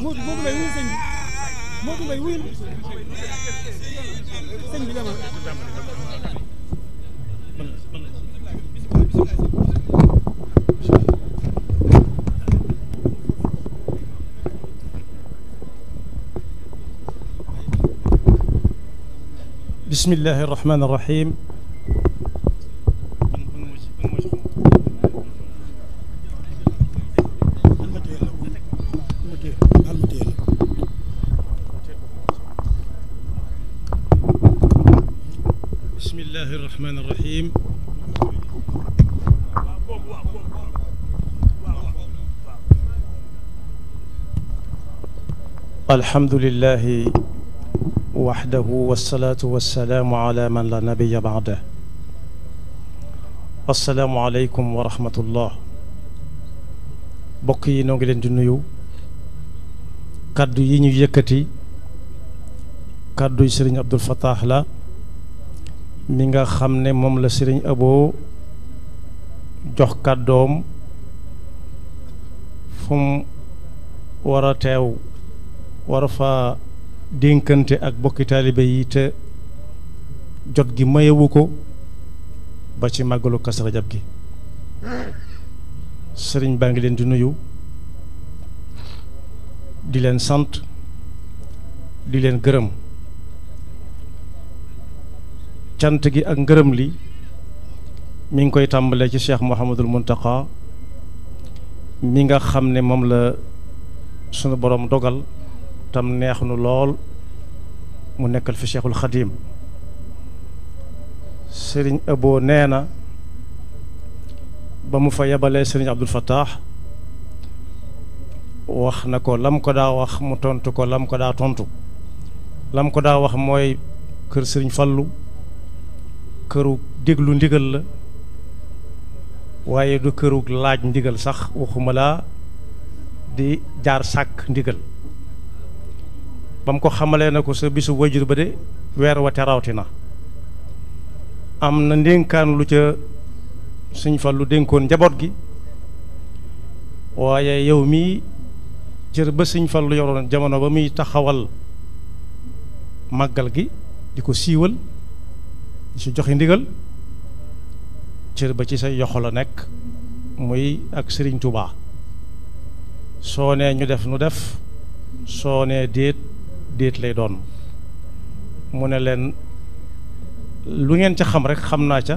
Modou Modou Mbaye wuyul sëñ bi Modou Mbaye wuyul sëñ bi dama bismillahi rahmaani rahim bismillahi irrahmani irrahim alhamdulilahi waxdahu walsalaatu walsalaamu ala man la nabiya baada assalaamu aleykum wa rahmatullah bokk yi noo ngi leen di nuyu kàddu yi ñu yëkkati kàddu yi sëriñ Abdul Fattah la mi nga xam ne moom la sëriñ Abo jox kàddoom fu mu war a teew war fa dénkante ak bokki taalibe yi te jot gi mayewu ko ba ci màggalu Kazu Rajab gi sëriñ baa ngi leen di nuyu di leen sant di leen gërëm cant gi ak ngërëm li mi ngi koy tàmbalee ci cheikh Mouhamadul Mountakha mi nga xam ne moom la sunu borom dogal tam neex nu lool mu nekkal fi cheikhul xadiim sëriñ Abo nee na ba mu fa yebalee sëriñ Abdul Fattah wax na ko lam ko daa wax mu tontu ko lam ko daa tontu lam ko daa wax mooy kër sëriñ Fallu kërug déglu ndigal la waaye du kërug laaj ndigal sax waxuma laa di jaar sàkk ndigal ba mu ko xamalee na ko sa bisu wajur ba de weer wa terawti na am na ndénkaan lu ca suñ fa lu dénkoon njaboot gi waaye yow mii jër ba suñ fa lu yoroon jamono ba muy taxawal màggal gi di ko siiwal su joxe ndigal cër ba ci sa yoxo la nekk muy ak Serigne Touba soo nee ñu def nu def soo nee déet déet lay doon mu ne leen lu ngeen ca xam rek xam naa ca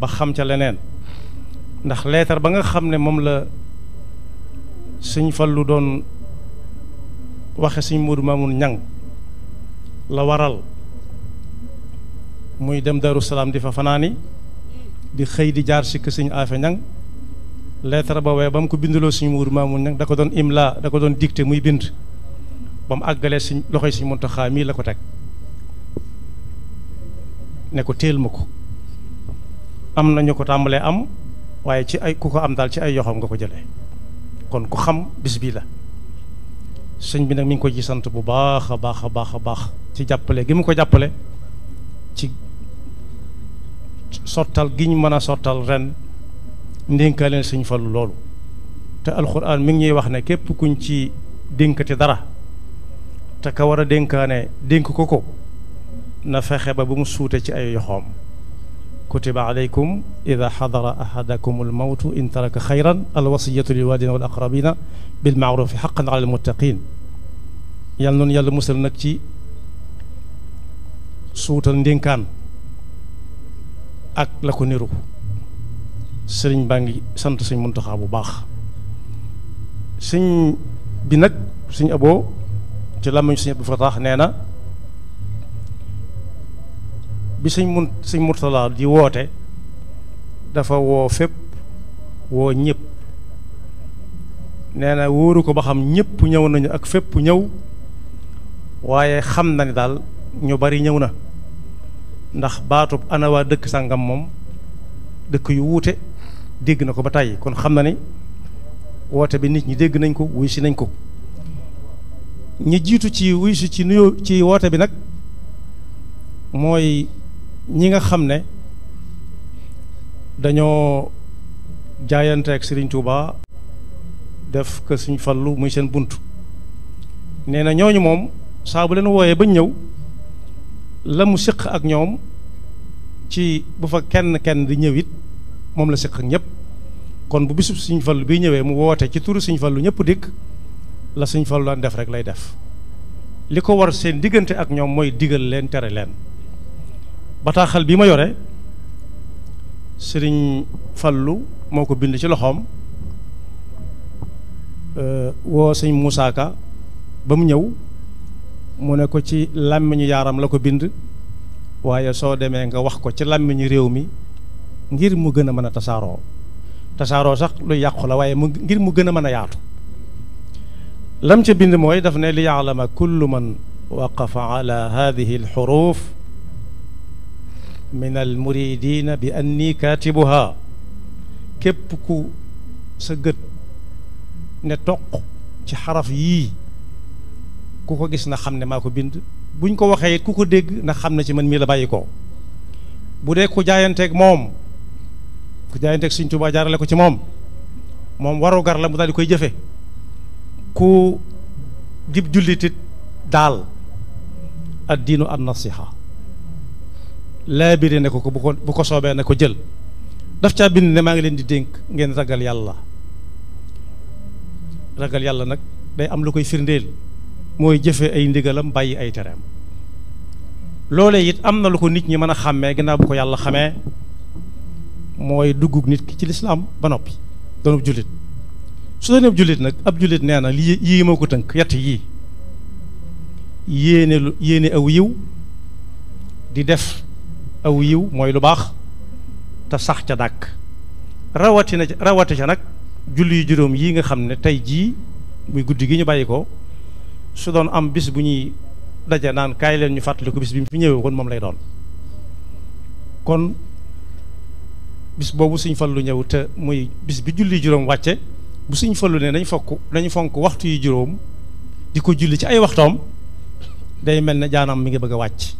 ba xam ca leneen ndax leetar ba nga xam ne moom la sëñ lu doon waxe sëñ Moodu Maamun ñang la waral muy dem Darou Salaam di fa fanaani di xëy di jaar si kër suñu affaire ñaŋ lettre boobee ba mu ko bindaloo suñu muur maamu ñaŋ da ko doon imla da ko doon dicté muy bind ba mu àggalee suñ loxoy suñu Muntaxaa mii la ko teg ne ko téel ma ko am na ñu ko tàmbalee am waaye ci ay ku ko am daal ci ay yoxam nga ko jëlee kon ku xam bis bii sëñ bi nag mi ngi ko ci sant bu baax a baax a baax a baax ci jàppale gi ko jàppale ci sottal gi ñu mën a sottal ren ndénkaaleen sëñ Fallu loolu te alxuraan mi ngi ñuy wax ne képp kuñ ci dénkati dara te ka war a dénkaane dénk ko ko na fexe ba bu mu suute ci ay yoxoom kutiba aleykum ida xadara ahadakum almawtu in taraka xayran alwasiyatu lilwalidina wal aqrabina bilmaarufi xaqan ala almuttaqin yàlla noonu yàlla musal nag ci suutal ndénkaan ak la ko niru sëriñ baa ngi sant sëñ Muntaxa bu baax sëñ bi nag sëñ aboo ci làmmiñu sëñ Abdou nee na bi sëñ sëñ Murtala di woote dafa woo fépp woo ñépp nee na wóoru ko ba xam ñëpp ñëw nañu ak fépp ñëw waaye xam na ni daal ñu bari ñëw na ndax baatu ana waa dëkk sàngam moom dëkk yu wuute dégg na ko ba tàyyi kon xam na ne woote bi nit ñi dégg nañ ko wuy nañ ko ñi jiitu ci wuy ci nuyoo ci woote bi nag mooy ñi nga xam ne dañoo jaayante ak Serigne Touba def ko suñ fallu muy seen bunt nee na ñooñu moom saa bu leen wooyee bañ ñëw la mu siq ak ñoom ci bu fa kenn kenn di ñëw it moom la siq ak ñëpp kon bu bisub suñ fallu bii ñëwee mu woote ci turu suñ fallu ñëpp dikk la suñ fallu def rek lay def li ko war seen diggante ak ñoom mooy digal leen tere leen bataaxal bii ma yore sëriñ fallu moo ko bind ci loxoom euh, woo sëñ Moussa ba mu ñëw mu ne ko ci làmmiñu yaaram la ko bind waaye soo demee nga wax ko ci làmmiñu réew mi ngir mu gën mën a tasaaroo tasaaroo sax lu yàqu la waaye mu ngir mu gën a mën a yaatu lam ca bind mooy daf ne li yaalama kullu man waqafa ala hadihi alxuruf min almuridina bi anni kaatibuha képp ku sa gët ne toq ci xaraf yii ku ko gis na xam ne maa ko bind buñ ko waxee it ku ko dégg na xam ne ci man mii la bàyyi ko bu dee ku jaayanteeg moom ku jaayanteeg Sëñ Tuubaa jaarale ko ci moom moom waru gar la mu daal di koy jëfe ku dib jullitit daal ad diinu an nasiha laa biri ne ko ko bu ko bu ko soobee ne ko jël daf caa bind ne maa ngi leen di dénk ngeen ragal yàlla ragal yàlla nag day am lu koy firndeel mooy jëfe ay ndigalam bàyyi ay tereem loolee it am na lu ko nit ñi mën a xàmmee ginnaaw bu ko yàlla xamee mooy duggug nit ki ci lislaam ba noppi doonub jullit su doonub jullit nag ab jullit nee na lii yii moo ko tënk yett yii yéene lu yéene aw yiw di def aw yiw mooy lu baax te sax ca dàkk rawatina rawati ca nag julli yu juróom yii nga xam ne tey jii muy guddi gi ñu bàyyi ko su doon am bis bu ñuy daje naan kaay leen ñu fàttaliku bis bi mu fi ñëwee kon moom lay doon kon bis boobu suñ fallu ñëw te muy bis bi julli juróom wàcce bu suñ fallu ne nañ fokk nañu fonk waxtu yi juróom di ko julli ci ay waxtoom day mel ne jaanam mi nga bëgg a wàcc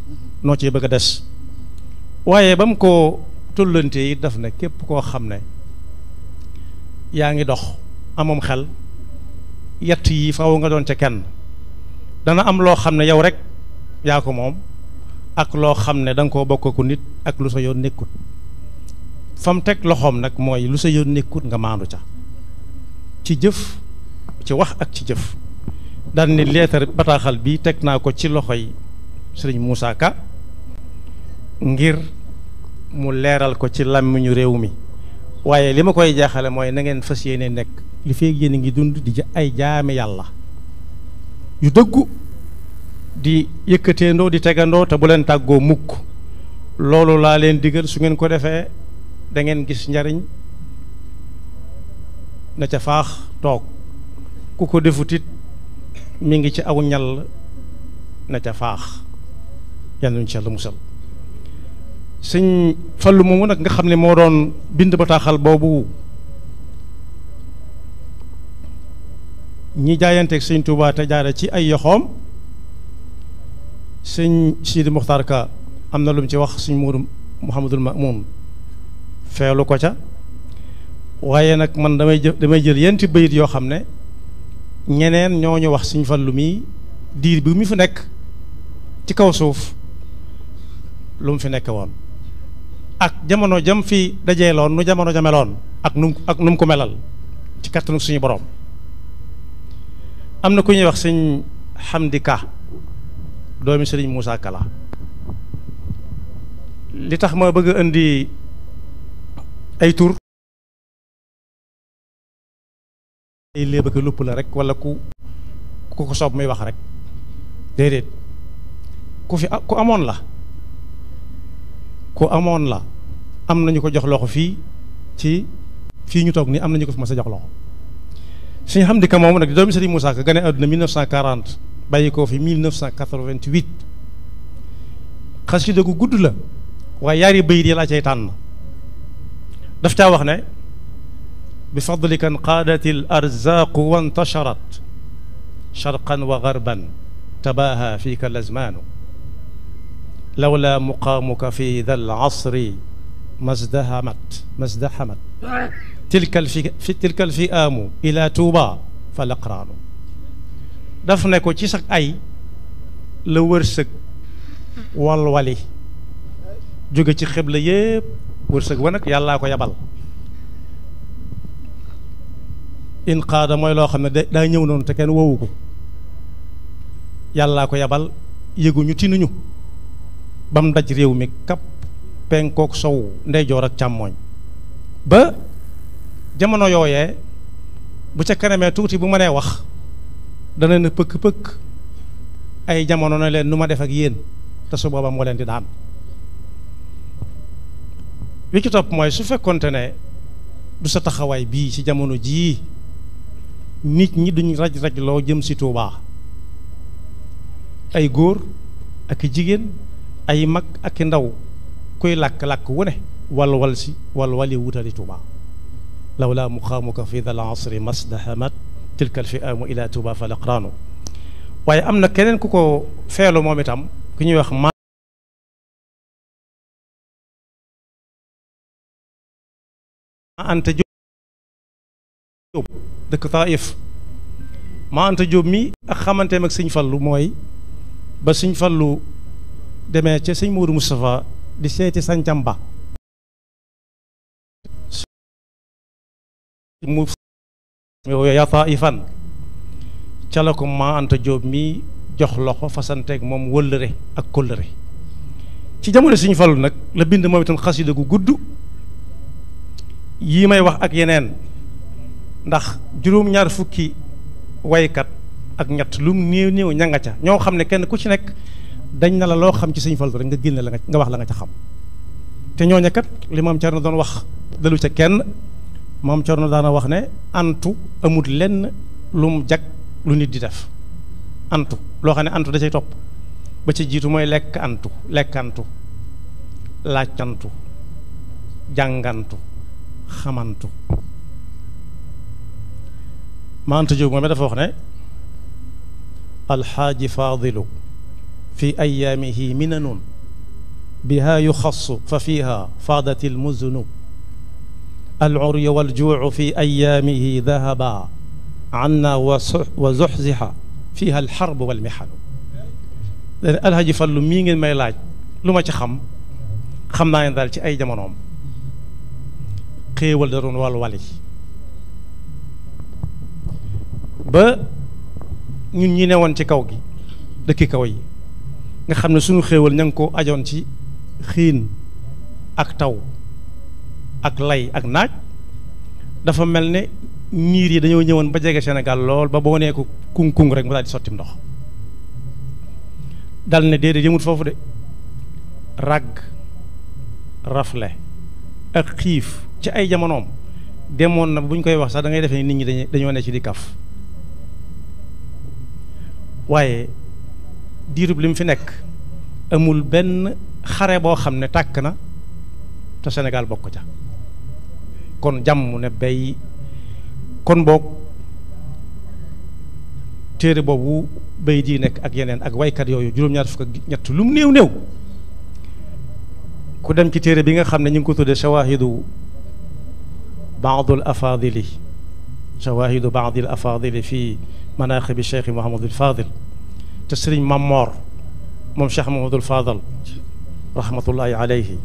noo ci bëgg a des waaye ba mu ko tollante yi daf ne képp koo xam ne yaa ngi dox amoom xel yett yi faw nga doon ca kenn dana am loo xam ne yow rek yaa ko moom ak loo xam ne danga nga koo bokk nit ak lu sa yoon nekkut fa teg loxoom nag mooy lu sa yoon nekkut nga maandu ca ci jëf ci wax ak ci jëf dan ni leetar bataaxal bi teg naa ko ci loxo loxoy sëriñ Moussa Ka ngir mu leeral ko ci làmmiñu réew mi waaye li ma koy jaaxale mooy nangeen ngeen fas yéene nekk li feeg yéen a ngi dund di ay jaame yàlla yu dëggu di yëkkateendoo di tegandoo te bu leen tàggoo mukk loolu laa leen digal su ngeen ko defee dangeen gis njariñ na ca faax toog ku ko defutit mi ngi ci aw ñal na ca faax yal nañu ci Yàlla musal sëñ Fallu moomu nag nga xam ne moo doon bind bataaxal boobu ñi jaayanteeg sëñ Touba jaare ci ay yoxoom sëñ Sidi Muxtaar Ka am na lum ci wax sëñ Muuru Muhammadul Mamoun feelu ko ca waaye nag man damay jë damay jël yenti bayit yoo xam ne ñeneen ñooñu ñu wax sëñ Fallu mi diir bi mu fi nekk ci kaw suuf lum fi nekke woon ak jamono jam fi dajeeloon nu jamono jameloon ak ak nu mu ko melal ci kattanu suñu borom am na ku ñuy wax sëñ Hamdi Ka doomi sëriñ Moussa Kala li tax ma bëgg indi ay tur ay léebaka lupp la rek wala ku ku ko soob muy wax rek déedéet ku fi ku amoon la ku amoon la am nañu ko jox loxo fii ci fii ñu toog nii am nañu ko fi ma sa jox loxo Sëñ Hamdi Ka moom nag doomi Sëriñ Moussa Ka gane àdduna 1940 bàyyi koo fi 1988 xasida gu gudd la waaye yaari bayit yi laa cay tànn daf caa wax ne bi fadlika nqaadat al arzaaqu wa intasharat sharqan wa garban tabaaha fiika lazmaanu lawla muqaamuka fi dal asri mazdahamat mazdahamat tilkal fi tilkal fi amu ila tuuba fa laqraanu daf ne ko ci sax ay la wërsëg walwali jóge ci xebla yépp wërsëg wa nag yàllaa ko yabal xaada mooy loo xam ne daa ñëw noonu te kenn wowu ko yàllaa ko yabal yëguñu tinuñu ba mu daj réew mi kap penkook sow ndeyjoor ak càmmooñ ba jamono yooye bu ca kanamee tuuti bu ma nee wax dana ne pëkk-pëkk ay jamono na leen nu ma def ak yéen te su booba moo leen di daan li ci topp mooy su fekkoonte ne du sa taxawaay bii ci jamono jii nit ñi duñ raj raj loo jëm si Tuubaa ay góor ak jigéen ay mag ak ndaw kuy làkk làkk wu ne wal wal si wal wali wutali Tuubaa lawlaa muqaamuka fi dal asri masdahamat tilka al fi'aamu ila tuba fa laqraanu waaye am na keneen ku ko feelu moom itam ku ñuy wax maa anta jóob dëkk Taif maa anta jóob mi ak xamanteem ak sëñ fallu mooy ba sëñ fallu demee ca sëñ Moodu Moustapha di seeti sancam mu ya taifan ca la ko ma Anta Diop mi jox loxo fasanteeg moom wëllëre ak kóllëre ci jamono suñu falu nag la bind moom itam xasida gu gudd yii may wax ak yeneen ndax juróom-ñaar fukki waykat ak ñett lu néew néew ña nga ca ñoo xam ne kenn ku ci nekk dañ na la loo xam ci suñu falu rek nga génne la nga nga wax la nga ca xam te ñooñu kat li maam Thierno doon wax dalu ca kenn moom Cerno daana wax ne antu amut lenn lum jag lu nit di def antu loo xam ne antu da cay topp ba ci jiitu mooy lekk antu lekk antu laajtantu jàngantu xamantu ma anta jóg moom dafa wax ne alxaaji faadilu fi ayaamihi minanun biha yuxassu fa fiha faadatil muzunu العري والجوع في أيامه ذهبا عنا وزحزح فيها الحرب والمحن alhaji Fallu mii ngeen may laaj lu ma ci xam xam naa ne daal ci ay jamonoom xéewal da doon wàllu ba ñun ñi newoon ci kaw gi dëkki kaw yi nga xam ne suñu xéewal ña ngi ko ajoon ci xiin ak taw ak lay ak naaj dafa mel ne niir yi dañoo ñëwoon ba jege Sénégal lool ba boo nee ko kung kung rek mu daal di sottim ndox dal ne déedéet yëmut foofu de ragg rafle ak xiif ci ay jamonoom demoon na bu ñu koy wax sax da ngay nit ñi dañuy dañoo ne ci di kaf waaye diirub li mu fi nekk amul benn xare boo xam ne tàkk na te Sénégal bokk ca kon jàmm ne bay kon boog téere boobu bay ji nekk ak yeneen ak waykat yooyu juróom-ñaar fukk ñett lu mu néew néew ku dem ci téere bi nga xam ne ñu ngi ko tuddee shawaahidu baadul afadili shawaahidu baadil afadili fii manaaqibi cheikh Mouhamadul Fadil te sëriñ Mamor moom cheikh Mouhamadul Fadal rahmatullahi alayhi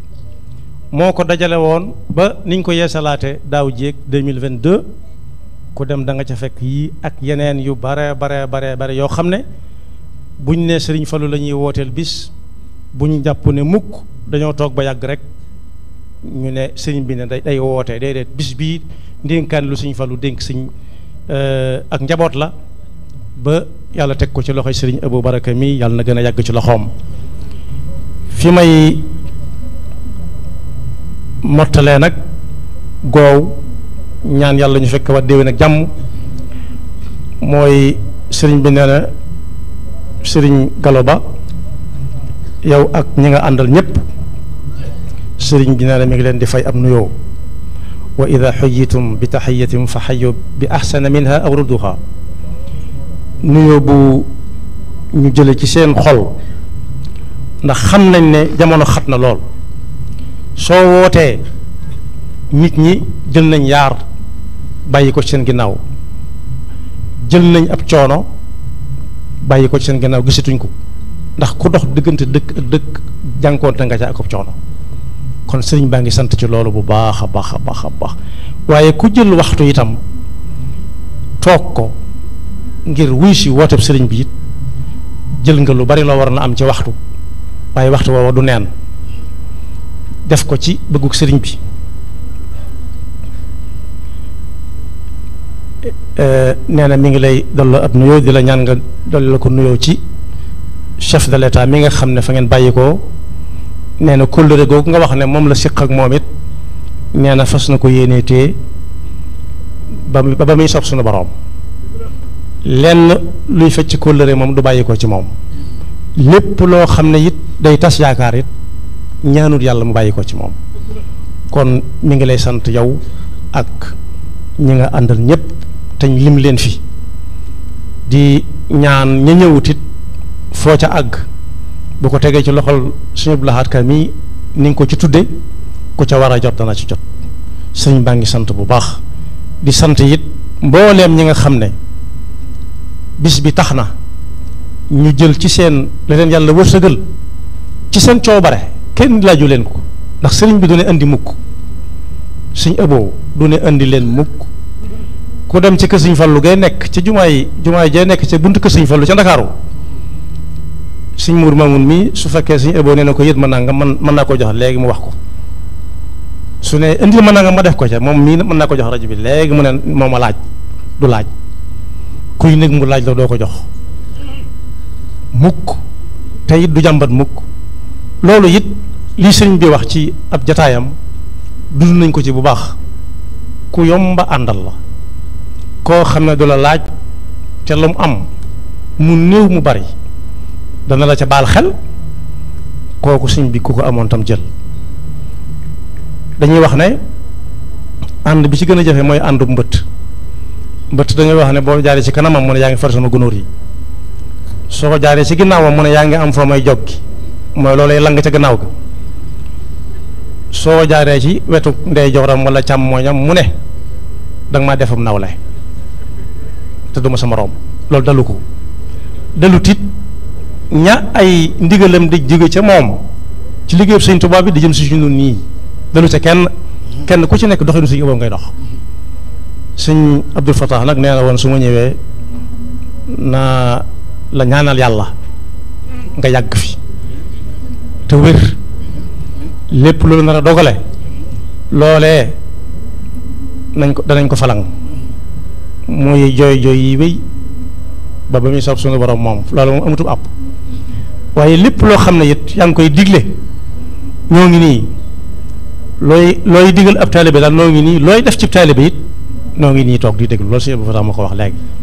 moo ko dajale woon ba niñ ko yeesalaate daaw jéeg 2022 ku dem danga ca fekk yii ak yeneen yu bare bare bare bare yoo xam ne buñ ne Sëriñ Fallu lañuy wooteel bis buñ jàpp ne mukk dañoo toog ba yàgg rek ñu ne sëriñ bi ne day day wootee déedéet bis bii ndénkaan lu Sëriñ Fallu dénk sëñ euh, ak njaboot la ba yàlla teg ko ci loxo Sëriñ Abu Baraka mii yàlla na gën a yàgg ci loxoom fi may mottalee nag goow ñaan yàlla ñu fekk wa déwén ak jàmm mooy sëriñ bi nee sëriñ Gallo Ba yow ak ñi nga àndal ñëpp sëriñ bi nee mi ngi leen di fay am nuyoo wa ida xuyitum bi taxiyatin fa xayu bi axsana minha aw rudduha nuyoo bu ñu jële ci seen xol ndax xam nañ ne jamono xat na lool soo wootee nit ñi jël nañ yaar bàyyi ko ci seen ginnaaw jël nañ ab coono bàyyi ko ci seen ginnaaw gisatuñ ko ndax ku dox diggante dëkk ak dëkk jànkoonte nga ci ak ab coono kon sëriñ baa ngi sant ci loolu bu baax a baax a baax waaye ku jël waxtu itam toog ko ngir wuy si wooteb sëriñ bi it jël nga lu bari loo war na am ci waxtu waaye waxtu woowa du neen def ko ci bëggug sëriñ bi eh, eh, nee na mi ngi lay dolloo ab nuyoo di la ñaan nga dolloo ko nuyoo ci chef de l'état mi nga xam ne fa ngeen bàyyi ko nee na kóllëre googu nga wax ne moom la siq ak moom it nee na fas na ko yéenee tee ba ba muy sob sunu boroom lenn luy fecc kóllëre moom du bàyyi ko ci moom lépp loo xam ne it day tas yaakaar it ñaanul yàlla mu bàyyi ko ci moom kon mi ngi lay sant yow ak ñi nga àndal ñëpp te lim leen fi di ñaan ña ñëwut it foo ca àgg bu ko tegee ci loxol sëñ Abdou Lahad Ka mii ni nga ko ci tudde ku ca war a jot dana ci jot sëñ baa ngi sant bu baax di sant it mbooleem ñi nga xam ne bis bi tax na ñu jël ci seen la leen yàlla wërsëgal ci seen coobare kenn laaju leen ko ndax sëriñ bi du ne andi mukk suñ ëboo du ne indi leen mukk ku dem ci kër fal lu gay nekk ci jumaa jumaay jumaay jay nekk ci bunt kër sëñ fallu ca ndakaaru sëñ muur maamun mii su fekkee suñ ëboo nee na ko yët ma nangam man mën naa ko jox léegi mu wax ko su ne indil ma nangam ma def ko ca moom mii mën naa ko jox rajo bi léegi mu ne moom a laaj du laaj kuy nekk mu laaj la doo ko jox mukk te it du jàmbat mukk loolu it li sëriñ bi wax ci ab jataayam dund nañ ko ci bu baax ku yomba àndal la koo xam ne du la laaj te lu am mu néew mu bari dana la ca baal xel kooku sëñ bi ku ko amoon tam jël dañuy wax ne ànd bi ci gën a jafe mooy àndu mbëtt mbëtt da wax ne boo jaaree ci kanamam mu ne yaa ngi far sama gunóor yi soo jaaree ci ginnaawam mu ne yaa ngi am foo may joggi mooy loolay lang ca gannaaw ga soo jaaree ci wetu ndey joxram wala càmmooñam mu ne danga maa defam nawle te du ma sama room loolu dalu ko dalu tit ña ay ndigalam di jóge ca moom ci liggéeyu sëñ Tuubaa bi di jëm si suñu nii dalu ca kenn kenn ku ci nekk doxinu suñu ëppam ngay dox sëñ Abdul Fattah nag nee na woon su ma ñëwee na la ñaanal yàlla nga yàgg fi te wér lépp lu nar a dogale loolee nañ ko danañ ko falang muy jooy jooy yi wéy ba ba muy soob suñu borom moom loolu moom amatul àpp waaye lépp loo xam ne yit yaa ngi koy digle ñoo ngi nii looy looy digal ab taalibe daal noo ngi nii looy def ci taalibe it noo ngi nii toog di déglu loolu si bu fa tax ma ko wax léegi